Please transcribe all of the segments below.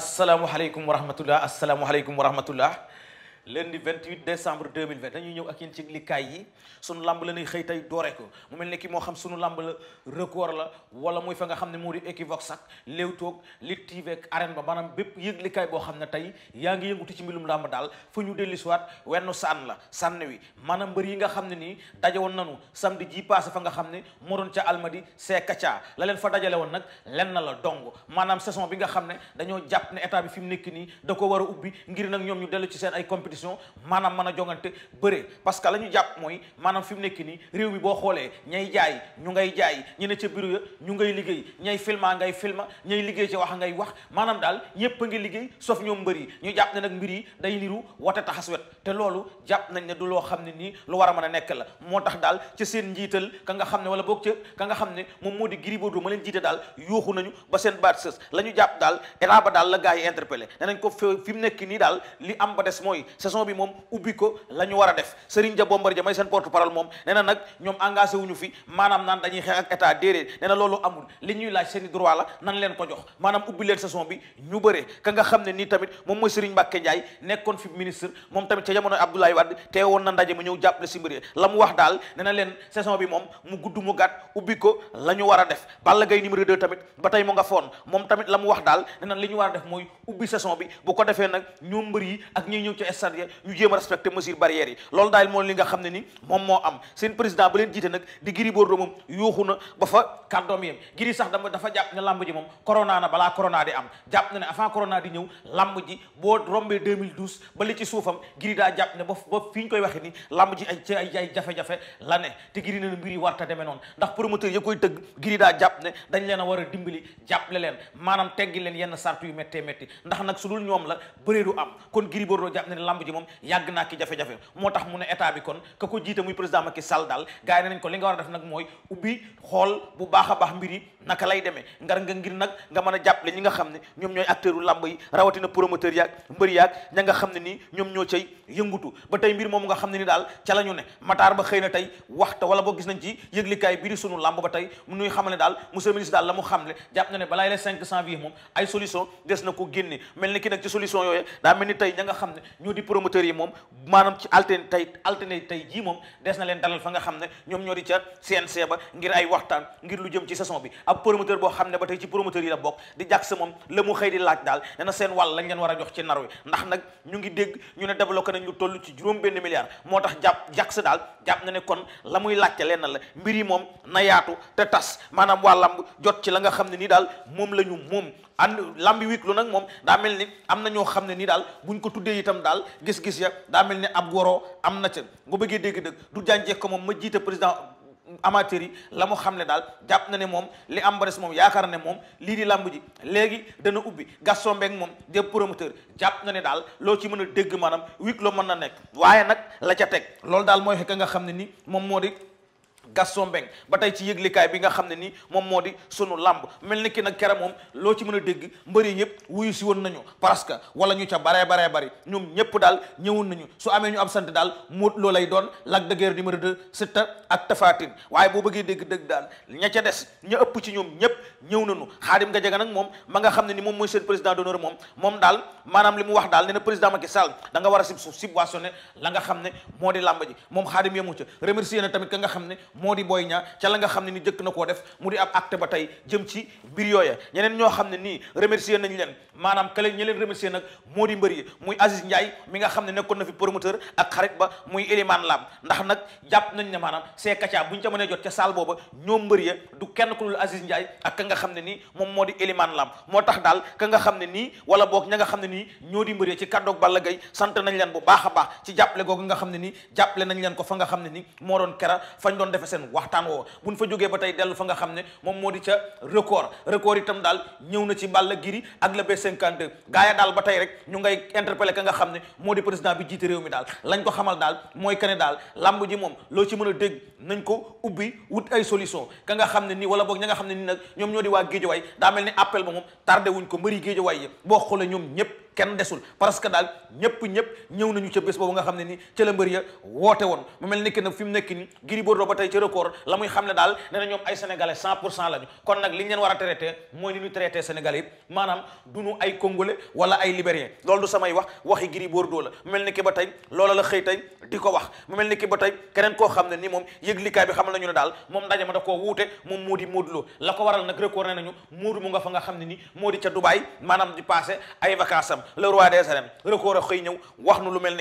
asalaamualeykum wa rahmatullah asalaamualeykum wa rahmatullah lundi 28 dañuy ñëw ak yéen ci likaay yi sunu lamb la ñuy xëy tey doore ko mu mel ne ki moo xam sunu lamb la record la wala muy fa nga xam ne moo di Equivox ak Leewtoo Lutte TV ak arène ba maanaam bépp yëg likaay boo xam ne tey yaa ngi yëngutu ci mbirum lamb daal fu ñu dellu siwaat wenn sànn la sànn wi maanaam mbër yi nga xam ne nii daje woon nanu samedi ji passé fa nga xam ne moo doon ca Almadi see kaca la leen fa dajale woon nag lenn bi nga xam a ubbi ngir nag ñoom compétition maanaam mën a jongante bëre parce que la ñu jàpp mooy maanaam fi mu nekk nii réew mi boo xoolee ñay jaay ñu ngay jaay ñu ne ca bureau ñu ngay liggéey ñay filma ngay filma ñay liggéey ca wax ngay wax maanaam daal ñépp ngi liggéey sauf ñoom mbër yi ñu jàpp ne nag mbir yi day niru wate taxas wet te loolu jàpp nañ ne du loo xam ne nii lu war a mën a nekk la moo tax daal ca seen njiital ka nga xam ne wala boog nga xam ne moom moo di Gris Bordeaux ma leen jiite daal yooxu nañu ba seen baat la ñu jàpp daal état ba daal la gars yi interpellé ne nañ ko fi mu nekk nii daal li am ba des mooy saison bi moom ubbi ko la ñu a def Serigne Dia Bombardier may seen porte parole moom nee nag ñoom engagé wuñu fi maanaam naan dañuy xeex ak état déedéet nee loolu amul li ñuy laaj seen droit la nan leen ko jox maanaam ubbi leen saison bi ñu bëree ka nga xam ne nii tamit moom mooy Serigne Mbacke Ndiaye nekkoon fi ministre moom tamit ca jamono Abdoulaye Wade teewoon na ndaje mu ñëw jàppale si mbir la mu wax daal nee na leen saison bi moom mu gudd mu gàtt ubbi ko la ñu war a def Balla Gaye numéro 2 tamit ba tey mu nga foon moom tamit la mu wax daal nee na li ñu war a def mooy ubbi saison bi bu ko defee personnes ya ñu a respecté di ñëw jafe-jafe la ne te Gris ne mbir yi warta demee noonu ndax promoteur ya koy tëgg Gris daa jàpp ne dañ leen a war a dimbali jàppale leen maanaam teggi leen yenn sartu yu méttee métti ndax nag su dul ñoom la bëree am kon Gris Bordeaux jàpp ne lamb lamb ji moom yàgg naa ki jafe-jafe moo tax mu ne état bi kon ka ko jiite muy président Macky Sall daal gars yi nañ ko li nga war a def nag mooy ubbi xool bu baax a baax mbir naka lay demee ngar nga ngir nag nga mën a ba tey mbir moom nga xam ne ni daal ca la ñu ba xëy la mu xamle jàpp na ne nga xam ne ñoo di promoteurs yi moom maanaam ci altine tey altine tey jii moom des na leen dalal fa nga xam ne ñoom ñoo di ca CNC ba ngir ay waxtaan ngir lu jëm ci saison bi ab promoteur boo xam ne ba tey ci promoteurs yi la bokk di jàk sa moom la mu xëy di laaj daal ne na seen wàll lañ leen war a jox ci nar wi ndax nag ñu ngi dégg ñu ne développé nañ lu toll ci juróom benn milliard moo tax jàpp jàk sa daal jàpp na ne kon la muy laajte leen na la mbir yi moom na yaatu te tas maanaam waa jot ci la nga xam ne nii daal moom la ñu moom ànd lambi wik loo nag moom daa mel ni am na ñoo xam ne nii daal buñ ko tuddee itam daal gis-gis ya daa mel ni ab waroo am na ca nga bëggee dégg-dëgg du jànjee ko moom ma jiite président amateur yi la mu xam ne daal jàpp na ne moom li am bares moom yaakaar ne moom lii di làmb ji léegi dana ubbi Gaston Mbengue moom des promoteur jàpp na ne daal loo ci mën a dégg maanaam wik loo mën na nekk waaye nag la ca teg loolu daal mooy xekk nga xam ne nii moom moo di Gaston Mbengue ba tey ci yëglikaay bi nga xam ne ni moom moo di sunu làmb mel ni ki nag kere moom loo ci mën a dégg mbëri yëpp wuyu si woon nañu parce que wala ñu ca baree baree bari ñoom ñëpp daal ñëwoon nañu su amee ñu sant daal moot loo lay doon Lac de Guiers numéro 2 Siteu ak Tapha Tine waaye boo bëggee dégg dëgg daal ña ca des ña ëpp ci ñoom ñëpp ñëw nañu Khadim Gadiaga nag moom ma nga xam ne ni moom mooy seen président d'honneur moom moom daal maanaam li mu wax daal ne na da a sib subventionné la nga xam ne moo lamb ji moom Khadim yemu ca remercier na tamit ka nga xam ne moo di Boy ña ca la nga xam ne ni jëkk na koo def mu di ab acte ba tey jëm ci mbir yooya ñeneen ñoo xam ne nii remercier nañ leen maanaam kale ñi leen remercier nag moo di mbër yi muy Aziz Ndiaye mi nga xam ne nekkoon na fi promoteur ak xarit ba muy Elimane Lam ndax nag jàpp nañ ne maanaam c'est kaca bu ñu ca mënee jot ca saal booba ñoom mbër ya kenn ku dul Aziz Ndiaye nga xam ne nii moom moo di Elimane Lam moo tax daal ka nga xam ne nii wala boog ña nga xam ne nii ñoo di mbër ya ci kàddoog Balla gay sant nañ leen bu baax a baax ci jàppale googu nga xam ne nii jàppale nañ leen ko fa nga xam ne nii moo doon kera defe seen waxtaan woo buñ fa jógee ba tey dellu fa nga xam ne moom moo di ca record record itam daal ñëw na ci Balla Giri ak le B52 gaa ya daal ba tey rek ñu ngay interpellé ka nga xam ne moo di président bi jiite réew mi daal lañ ko xamal daal mooy kane daal lamb ji moom loo ci mën a dégg nañ ko ubbi wut ay solution ka nga xam ne nii wala boog ña nga xam ne nii nag ñoom ñoo di waa waay daa mel ni appel ba moom tardé wuñ ko mbëri géejawaay boo xoolee ñoom ñëpp kenn desul parce que daal ñëpp ñëpp ñëw nañu ca bés boobu nga xam ne ni ca la mbër ya woote woon mu mel ni que nag fi mu nekk ni Gris Bordeaux ba tey ci record la ay li ñu leen war du samay wax waxi Gris Bordeaux la mu mel ni que ba tey loola la xëy tey di ko wax mu mel ni que ba tey keneen koo xam ne ni moom ne daal moom ndaje ma da koo wuute moom moo di Modou Lo la ko waral nag record ne nañu Modou mu nga fa nga xam ne ni moo di ca Dubaï maanaam di passé ay vacances Sam le roi des arènes record a xëy ñëw wax nu lu mel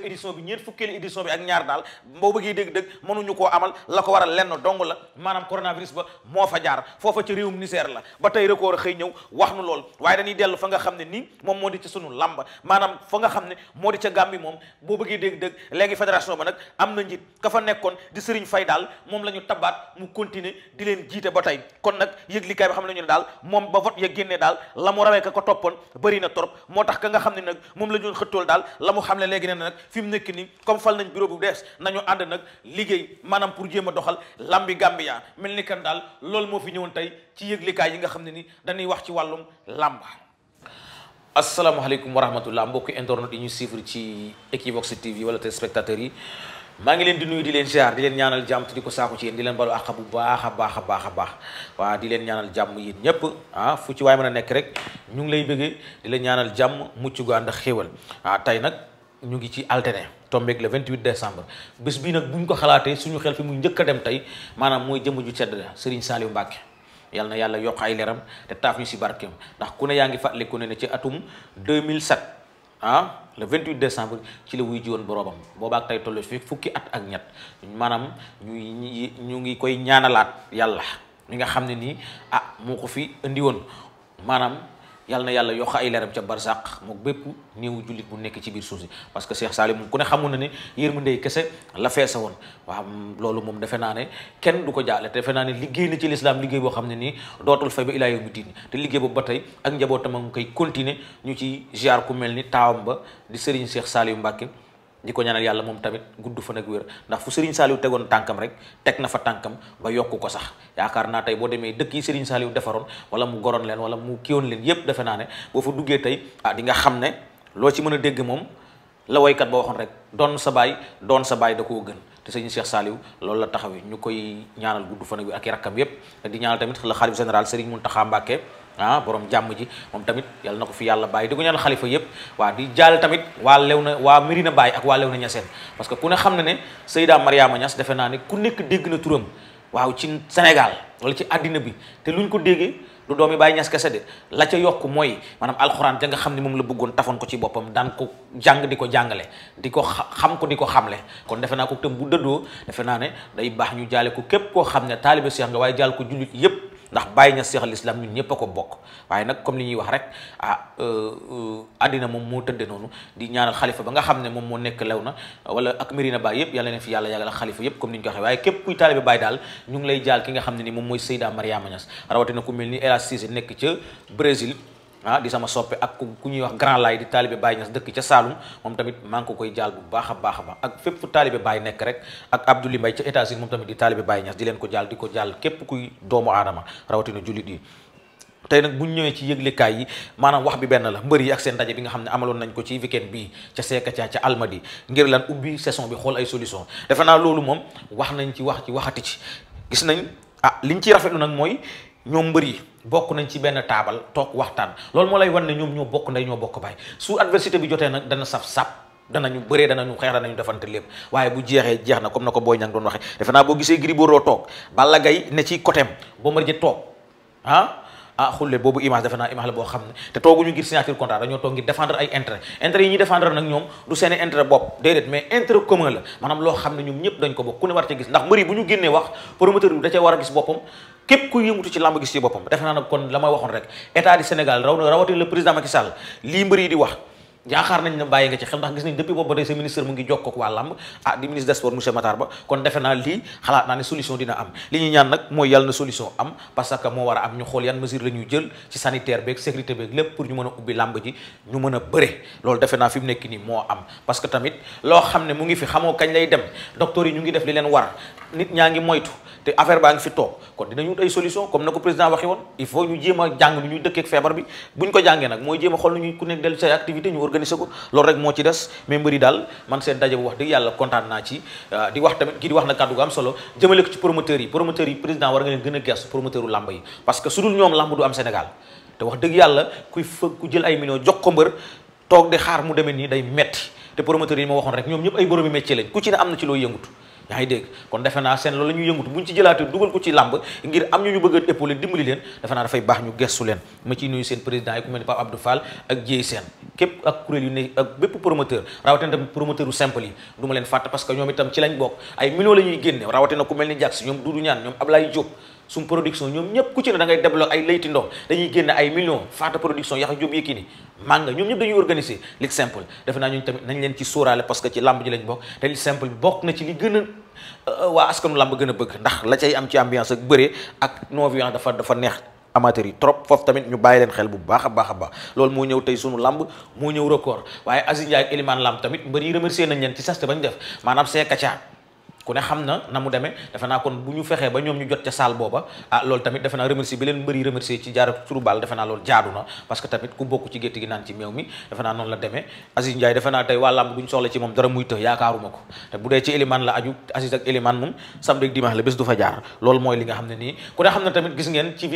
bi ñeent fukkeeli édition bi ak ñaar daal boo bëggee dégg-dégg mënuñu koo amal la ko waral lenn dong la maanaam coronavirus ba moo fa jaar foofa ci réewum Niger la ba a xëy lool waaye dañuy dellu fa nga xam ne nii moom moo di ci sunu lamb maanaam fa nga xam ne moo di ca Gambie moom boo bëggee dégg-dégg léegi fédération ba nag am na njiit ka fa nekkoon di Serigne fay daal moom la ñu tabaat mu continuer di leen jiite ba tey kon nag yëg likaay bi xam nañu ne daal moom ba vote ya génnee daal la mu rawee ka ko toppoon bëri na trop moo tax ka nga xam ne nag moom la ñu doon xëttool daal la mu xam ne léegi ne nag fi mu nekk nii comme fal nañ bureau bu dees nañu ànd nag liggéey maanaam pour jéem a doxal lambi Gambia mel ni kan daal loolu moo fi ñëwoon tey ci yëglikaay yi nga xam ne ni dañuy wax ci wàllum làmba asalaamaaleykum wa rahmatullah mbokki internet yi ñu suivre ci Equivox TV wala téléspectateurs yi maa ngi leen di nuyu di leen ziar di leen ñaanal jàmm te di ko saako ci yéen di leen balu àq bu baax a baax a baax a baax waaw di leen ñaanal jàmm yéen ñépp ah fu ci waay mën a nekk rek ñu ngi lay bëggee di leen ñaanal jàmm mucc gu ànd ak xéewal ah tey nag ñu ngi ci alterné tombeeg le 28 décembre bés bii nag buñ ko xalaatee suñu xel fi mu njëkk a dem tey maanaam mooy jëmm ju tedd la Serigne Saliou Mbacké yàlla na yàlla yokk ay leeram te taaf ñu si barkeem ndax ku ne yaa ngi fàttaliku ne ne ci atum 2007 ah le 28 décembre ci la wuy ji woon boroomam boobaak tey tollu fi fukki at ak ñett maanaam ñu ñu ngi koy ñaanalaat yàlla mi nga xam ne nii ah moo ko fi indi maanaam yàlla na yàlla yokk ay leeram ca barsàq mook bépp néewu jullit bu nekk ci biir suuf si parce que Cheikh Salim moom ku ne xamu na ne yërmande kese la feesa woon waaw loolu moom defe naa ne kenn du ko jaale te defe naa ne liggéey na ci lislaam liggéey boo xam ne nii dootul fay ba ilaa yawmi diin te liggéey boobu ba tey ak njabootam a ngi koy continuer ñu ci ziar ku mel ni taawam ba di Serigne Cheikh Salim Mbacke di ko ñaanal yàlla moom tamit guddu fanak ak wér ndax fu Serigne Saliou tegoon tànkam rek teg na fa tànkam ba yokk ko sax yaakaar naa tey boo demee dëkk yi Serigne Saliou defaroon wala mu goroon leen wala mu kiwoon leen yépp defe naa ne boo fa duggee tey ah di nga xam ne loo ci mën a dégg moom la woykat ba waxoon rek doon sa baay doon sa baay da koo gën te sëñ Cheikh Saliou loolu la taxawee ñu koy ñaanal gudd fan ak wér ak i yépp di ñaanal tamit la xalif général Serigne Mountakha Mbacké ah borom jàmm ji moom tamit yàlla na ko fi yàlla bàyyi di ko ñaan xalifa yépp waa di jaal tamit waa lew na waa Medina bàyyi ak waa lew na ñaseen parce que ku ne xam ne ne Seyda Mariama Niass defe naa ne ku nekk dégg na turam waaw ci Sénégal wala ci àddina bi te luñ ko déggee doom doomi Baye ñas kese de la ca yokk mooy maanaam alxuraan da nga xam ne moom la bëggoon tafoon ko ci boppam daan ko jàng di ko jàngale di ko xam ko di ko xamle kon defe naa ko tam bu dëddoo defe naa ne day baax ñu jaale ko képp koo xam ne taalibe Seex nga waaye jaal ko jullit yépp ndax bàyyi ñas seexal islam ñun ñëpp a ko bokk waaye nag comme li ñuy wax rek ah euh, euh, àddina moom moo tëdde noonu di ñaanal xalifa ba nga xam ne moom moo nekk lew na wala ak Medina Baye yëpp yàlla na fi yàlla yàggal xalifa yëpp comme ni ñu ko waxee waaye képp kuy taalibe Baye daal ñu ngi lay jaal ki nga xam ne ni moom mooy Seyda Mariama Niass rawatina ku mel ni El Hadj nekk ca Brésil ah di sama soppe ak ku ñuy wax grand laay di taalibe Baye Niass dëkk ca Saalum moom tamit maa ngi ko koy jaal bu baax a baax a baax ak fépp fu taalibe Baye nekk rek ak Abdoulaye Mbaye ca États-Unis moom tamit di taalibe Baye Niass di leen ko jaal di ko jaal képp kuy doomu aadama rawatina jullit yi tey nag bu ñu ñëwee ci yëglekaay yi maanaam wax bi benn la mbër yi ak seen ndaje bi nga xam ne amaloon nañ ko ci weekend bii ca Sekkatia ca Almadi ngir leen ubbi saison bi xool ay solution defe naa loolu moom wax nañ ci wax ci waxati ci gis nañ ah liñ ci rafetlu nag mooy ñoom mbër yi bokk nañ ci benn taabal toog waxtaan loolu moo lay wan ne ñoom ñoo bokk nday ñoo bokk baay su adversité bi jotee nag dana saf sap ñu bëree danañu xeex danañu defante lépp waaye bu jeexee jeex na comme na ko boo gisee Gris Bordeaux toog Balla Gaye ne ci côté am Bombardier toog ah ah xulle boobu image toog ngir défendre ay intérêt intérêt yi ñuy défendre nag ñoom du seen intérêt bopp déedéet mais intérêt commun la maanaam loo xam ne ñoom ñëpp dañ ko bokk ku ne war ci gis ndax mbëri bu ñu génnee wax promoteur bi da cee war a gis boppam képp ku yëngutu ci lamb gis ci boppam defe naa nag kon la may waxoon rek état du Sénégal raw na rawatina le président Macky Sall lii mbër yi di wax yaakaar nañ ne bàyyi nga ci xel ndax gis nañ depuis boobu ba tey sa ministre mu ngi jokkoo ak waa làmb ah di ministre des sports monsieur Matar Ba kon defe naa lii xalaat naa ne solution dina am li ñuy ñaan nag mooy yàlla na solution am parce que a am ñu tamit loo xam ne mu ngi fi xamoo kañ lay dem docteur yi ñu ngi def li leen war nit ñaa ngi moytu te affaire baa ngi fi toog kon dinañu ay solution comme na ko président waxee woon il faut ñu jéem a jàng nu ñuy dëkkeek feebar organisé ko loolu rek moo ci des mais mbëri daal man seen daje wax dëgg yàlla kontaan naa ci euh, di wax tamit kii di wax na kàddu gu am solo jëmale ko ci promoteurs yi promoteurs yi président war nga leen a gestu promoteur u yi parce que su dul ñoom làmb du am Sénégal te wax dëgg yàlla kuy fëgg ku jël ay millions jox ko mbër toog di xaar mu demee nii day metti te promoteurs yi ma waxoon rek ñoom ñëpp ay boromi métier lañ ku ci ne am na ci looy yëngutu yaa ngi dégg kon defe naa seen loolu la ñuy yëngutu bu ñu ci jëlaatee dugal ko ci làmb ngir am ñu ñu bëgg a épaulé dimbali leen defe naa dafay baax ñu gestu leen ma ciy nuyu seen président yi ku mel ni Pape Abdou Fall ak Dieye Sène képp ak kuréel yu ne ak bépp promoteur rawatina tamit promoteur u simple yi du leen fàtte parce que ñoom itam ci lañ bokk ay millions la ñuy génne rawatina ku mel ni Jax ñoom Doudou ñaan ñoom Ablaye Diop suñ production ñoom ñëpp ku ci ne da ngay développé ay layti ndox dañuy génn ay millions faata production yaxa jób yëkki ni manga ñoom ñëpp dañuy organiser lit simple defe naa ñun tamit nañ leen ci sóoraale parce que ci lamb ji lañ bokk te lit simple bokk na ci li gën a euh, waa askanu lamb gën a bëgg ndax la cay am ci ambiance ak bëree ak non dafa dafa neex amateur yi trop foofu tamit ñu bàyyi leen xel bu baax a baax a baax loolu moo ñëw tey sunu lamb moo ñëw record waaye Aziz Ndiaye ak yi remercier nañ leen ci sas te bañ def maanaam see ku ne xam na na mu demee defe naa kon bu ñu fexee ba ñoom ñu jot ca saal booba ah loolu tamit defe naa remercier bi leen mbëri remercier ci jaara turu baal defe naa loolu jaadu na parce tamit ku bokk ci gétt gi naan ci meew mi defe naa noonu la demee Aziz Ndiaye defe naa tey waa làmb duñ soxla ci moom dara muy të yaakaaruma ko te bu dee ci Elimane la aju Aziz ak Elimane moom samedi ak dimanche la bés du fa jaar loolu mooy li nga xam ne nii ku ne xam na tamit gis ngeen ci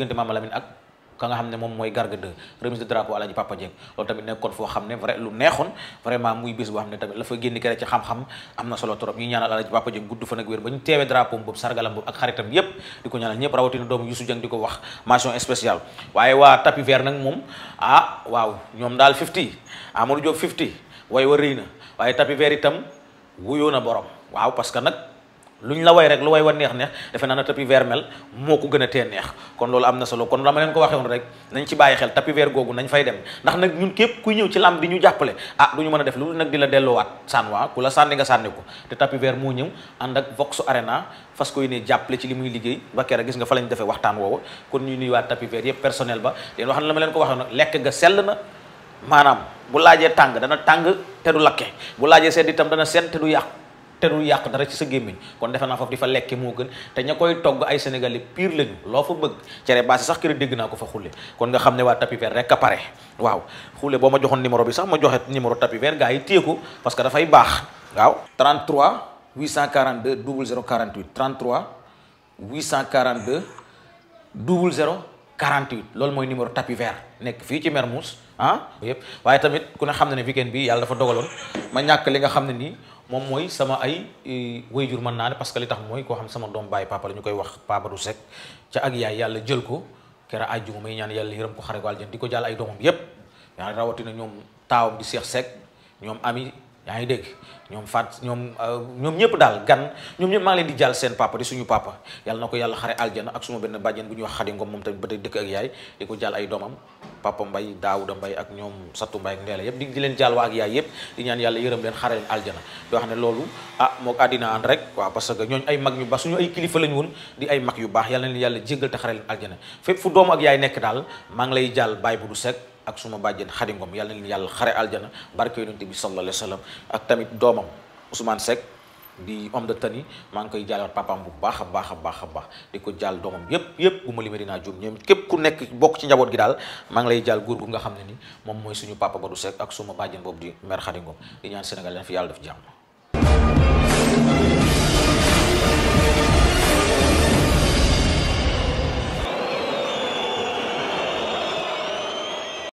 ne ak ka nga xam ne moom mooy Garga 2 remise de drapeau Alaaji Papa loolu tamit nekkoon foo xam ne vrai lu neexoon vraiment muy bés boo xam ne tamit la fa génn kere ci xam-xam am na solo trop ñuy ñaanal Alaaji Papa gudd fan ak wér ba ñu teewee drapeau boobu sargalam ak xaritam yépp di ko ñaanal ñëpp rawatina doomu Youssou Dieng di ko wax mention spéciale waaye waa tapis vert nag moom ah waaw ñoom daal 50 Amadou Diop 50 way wa rëy na waaye tapis lu ñu la way rek lu way wa neex neex defe naa ne tapis vert mel moo ko gën a tee neex kon loolu am na solo kon la ma leen ko waxee woon rek ci bàyyi xel tapis vert nañ fay dem ndax nag ñun képp kuy ñëw ci làmb di ñu jàppale ah du ñu mën a def loolu nag di la delloowaat sànniwaa ku la sànni nga sànni ko te tapis vert moo ñëw ànd ak Vox Arena jàppale ci li muy liggéey ba kera gis nga lañ defee waxtaan woowu kon ñu nuyuwaat tapis vert yëpp ba leen wax na la ma leen ko waxee ga sell na maanaam bu laajee tàng dana tàng te du lakke bu laajee sedd itam dana sedd te du yàqu te du yàq dara ci sa gémmiñ kon defe naa foofu di fa lekki moo gën te ña koy togg ay sénégalais pire lañu loo fa bëgg cere baasi sax kër dégg naa ko fa xulle kon nga xam ne waa tapis vert rek a pare waaw xulle boo ma joxoon numéro bi sax ma joxe numéro tapis vert gars yi téye ko parce que dafay baax waaw 33 842 0048 33 842 0048 loolu mooy numéro tapis vert nekk fii ci Mermoz ah yëpp waaye tamit ku ne xam ne ne weekend bi yàlla dafa dogaloon ma ñàkk li nga xam ne nii moom mooy sama ay e, way jur man naa ne parce que li tax mooy koo xam sama doom baay papa la ñu koy wax papa du sec ca ak yaay yàlla jël ko kera àjjuma may ñaan yàlla yërëm ko xare ko aljana di ko jàll ay doomam yépp yaa rawatina ñoom taawam di seex sec ñoom ami yaa ngi dégg ñoom faat ñoom euh, ñoom ñëpp daal gan ñoom ñëpp maa ngi leen di jàll seen papa di suñu papa yàlla na ko yàlla xare aljana ak suma benn bàjjen bu ñu wax xadi ngom moom tamit ba tey dëkk ak yaay di ko jàll ay doomam papa mbay daawuda mbay ak ñoom sattu mbay ak ndeela yëpp di di leen jàll waa ak yaay yëpp di ñaan yàlla yërëm leen xare leen aljana doo xam ne loolu ah mook àddina ànd rek waaw parce que ñooñu ay mag ñu baax suñu ay kilifa lañu woon di ay mag yu baax yàlla na yàlla jéggal te xare leen aljana ak yaay nekk daal maa lay jàll baay bu du sek ak suma bàjjen Xadi ngoom yàlla na leen yàlla xare aljana barke yonent bi sallallahu alayhi wa sallam ak tamit doomam Ousmane Seck di homme de tenue maa ngi koy jàllal papaam bu baax a baax a baax a baax di ko jaal doomam yépp yépp bu ma limee dinaa juum ñoom képp ku nekk bokk ci njaboot gi daal maa ngi lay jàll góor gu nga xam ne ni moom mooy suñu papa Badou Seck ak suma bàjjen boobu di mère Xadi Ngom di ñaan Sénégal leen fi yàlla def jàmm